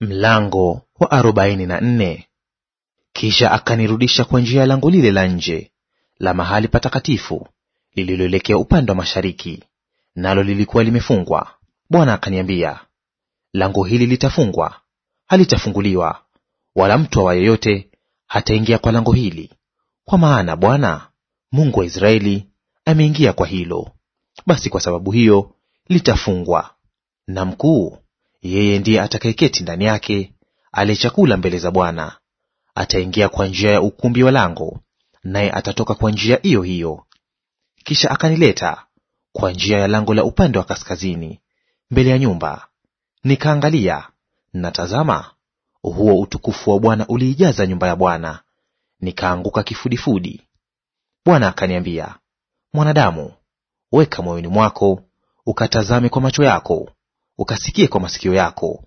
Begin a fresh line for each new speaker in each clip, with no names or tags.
Mlango wa arobaini na nne. Kisha akanirudisha kwa njia ya lango lile la nje la mahali patakatifu lililoelekea upande wa mashariki, nalo lilikuwa limefungwa. Bwana akaniambia, lango hili litafungwa, halitafunguliwa, wala mtu awa yeyote hataingia kwa lango hili, kwa maana Bwana Mungu wa Israeli ameingia kwa hilo. Basi kwa sababu hiyo litafungwa. Na mkuu yeye ndiye atakayeketi ndani yake ale chakula mbele za Bwana. Ataingia kwa njia ya ukumbi wa lango, naye atatoka kwa njia hiyo hiyo. Kisha akanileta kwa njia ya lango la upande wa kaskazini mbele ya nyumba. Nikaangalia na tazama, huo utukufu wa Bwana uliijaza nyumba ya Bwana. Nikaanguka kifudifudi. Bwana akaniambia, mwanadamu, weka moyoni mwako ukatazame kwa macho yako ukasikie kwa masikio yako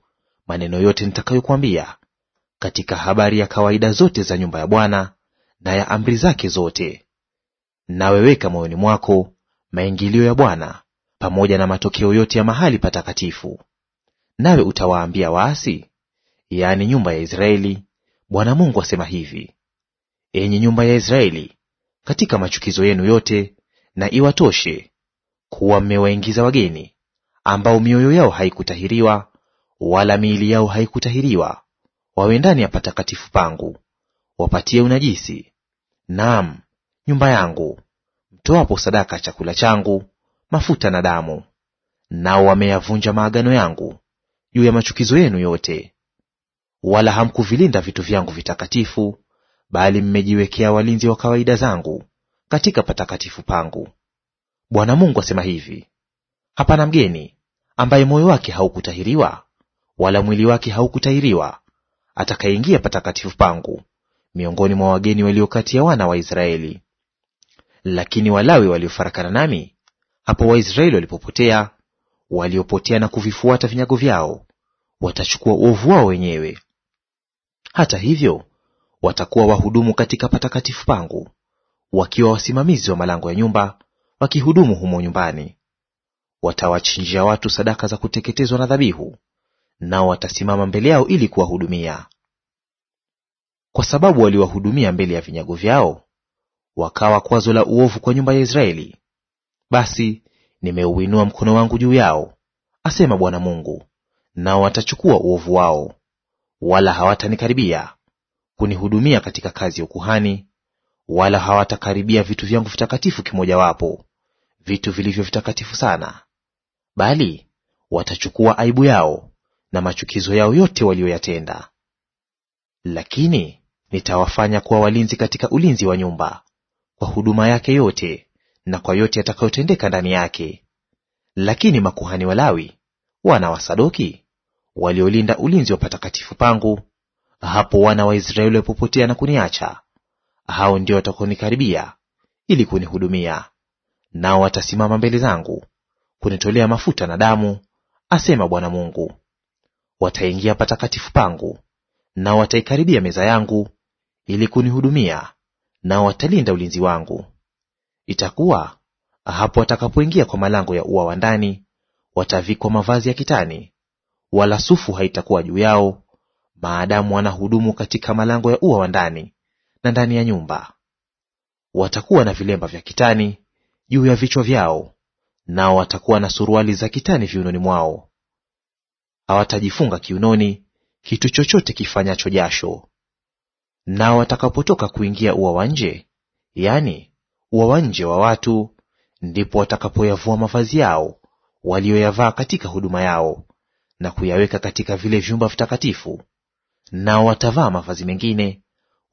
maneno yote nitakayokuambia katika habari ya kawaida zote za nyumba ya Bwana na ya amri zake zote. naweweka moyoni mwako maingilio ya Bwana pamoja na matokeo yote ya mahali patakatifu. Nawe utawaambia waasi, yaani nyumba ya Israeli, Bwana Mungu asema hivi: Enyi nyumba ya Israeli, katika machukizo yenu yote na iwatoshe kuwa mmewaingiza wageni ambao mioyo yao haikutahiriwa wala miili yao haikutahiriwa, wawe ndani ya patakatifu pangu, wapatie unajisi, naam nyumba yangu, mtoapo sadaka chakula changu, mafuta na damu. Nao wameyavunja maagano yangu juu ya machukizo yenu yote. Wala hamkuvilinda vitu vyangu vitakatifu, bali mmejiwekea walinzi wa kawaida zangu katika patakatifu pangu. Bwana Mungu asema hivi: Hapana mgeni ambaye moyo wake haukutahiriwa wala mwili wake haukutahiriwa atakayeingia patakatifu pangu miongoni mwa wageni walio kati ya wana wa Israeli. Lakini Walawi waliofarakana nami hapo Waisraeli walipopotea, waliopotea na kuvifuata vinyago vyao, watachukua uovu wao wenyewe. Hata hivyo, watakuwa wahudumu katika patakatifu pangu, wakiwa wasimamizi wa malango ya nyumba, wakihudumu humo nyumbani watawachinjia watu sadaka za kuteketezwa na dhabihu, nao watasimama mbele yao ili kuwahudumia. Kwa sababu waliwahudumia mbele ya vinyago vyao, wakawa kwazo la uovu kwa nyumba ya Israeli, basi nimeuinua mkono wangu juu yao, asema Bwana Mungu, nao watachukua uovu wao, wala hawatanikaribia kunihudumia katika kazi ya ukuhani, wala hawatakaribia vitu vyangu vitakatifu kimojawapo, vitu vilivyo vitakatifu sana, bali watachukua aibu yao na machukizo yao yote waliyoyatenda. Lakini nitawafanya kuwa walinzi katika ulinzi wa nyumba, kwa huduma yake yote na kwa yote yatakayotendeka ndani yake. Lakini makuhani Walawi, wana wa Sadoki, waliolinda ulinzi wa patakatifu pangu, hapo wana wa Israeli walipopotea na kuniacha, hao ndio watakaonikaribia ili kunihudumia, nao watasimama mbele zangu kunitolea mafuta na damu, asema Bwana Mungu. Wataingia patakatifu pangu, nao wataikaribia meza yangu ili kunihudumia, nao watalinda ulinzi wangu. Itakuwa hapo watakapoingia kwa malango ya ua wa ndani, watavikwa mavazi ya kitani, wala sufu haitakuwa juu yao, maadamu wanahudumu katika malango ya ua wa ndani na ndani ya nyumba. Watakuwa na vilemba vya kitani juu ya vichwa vyao, nao watakuwa na suruali za kitani viunoni mwao. Hawatajifunga kiunoni kitu chochote kifanyacho jasho. Nao watakapotoka kuingia ua wa nje, uwa ua wa nje wa watu, ndipo watakapoyavua mavazi yao walioyavaa katika huduma yao na kuyaweka katika vile vyumba vitakatifu. Nao watavaa mavazi mengine,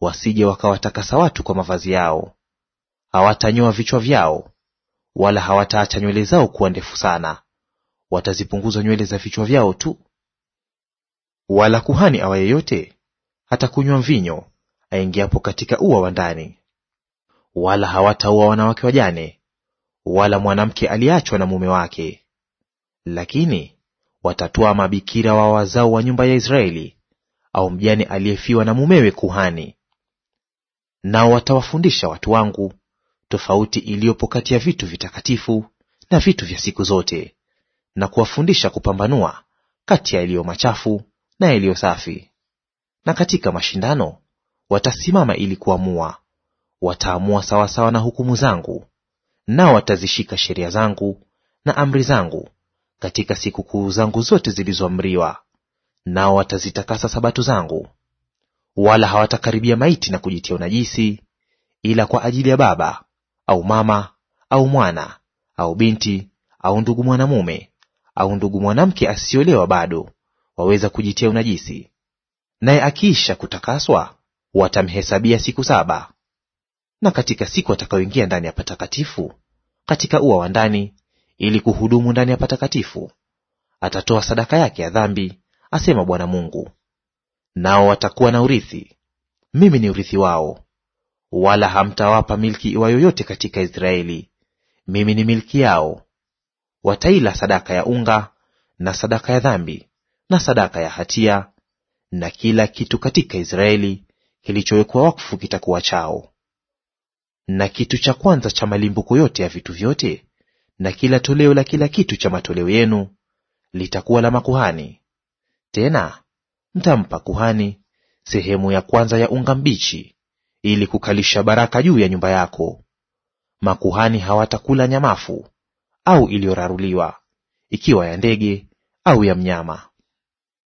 wasije wakawatakasa watu kwa mavazi yao. Hawatanyoa vichwa vyao, wala hawataacha nywele zao kuwa ndefu sana; watazipunguza nywele za vichwa vyao tu. Wala kuhani awa yeyote kunywa mvinyo aingiapo katika ua wa ndani. Wala hawataua wanawake wajane, wala mwanamke aliyeachwa na mume wake. Lakini watatoa mabikira wa wazao wa nyumba ya Israeli au mjane aliyefiwa na mumewe kuhani. Nao watawafundisha watu wangu tofauti iliyopo kati ya vitu vitakatifu na vitu vya siku zote, na kuwafundisha kupambanua kati ya yaliyo machafu na yaliyo safi. Na katika mashindano watasimama ili kuamua; wataamua sawasawa na hukumu zangu, nao watazishika sheria zangu na amri zangu katika sikukuu zangu zote zilizoamriwa, nao watazitakasa sabato zangu. Wala hawatakaribia maiti na kujitia unajisi, ila kwa ajili ya baba au mama au mwana au binti au ndugu mwanamume au ndugu mwanamke asiolewa bado waweza kujitia unajisi, naye akiisha kutakaswa watamhesabia siku saba. Na katika siku atakayoingia ndani ya patakatifu katika ua wa ndani ili kuhudumu ndani ya patakatifu, atatoa sadaka yake ya dhambi, asema Bwana Mungu. Nao watakuwa na urithi, mimi ni urithi wao, wala hamtawapa milki iwa yoyote katika Israeli; mimi ni milki yao. Wataila sadaka ya unga na sadaka ya dhambi na sadaka ya hatia, na kila kitu katika Israeli kilichowekwa wakfu kitakuwa chao. Na kitu cha kwanza cha malimbuko yote ya vitu vyote na kila toleo la kila kitu cha matoleo yenu litakuwa la makuhani. Tena mtampa kuhani sehemu ya kwanza ya unga mbichi ili kukalisha baraka juu ya nyumba yako. Makuhani hawatakula nyamafu au iliyoraruliwa, ikiwa ya ndege au ya mnyama.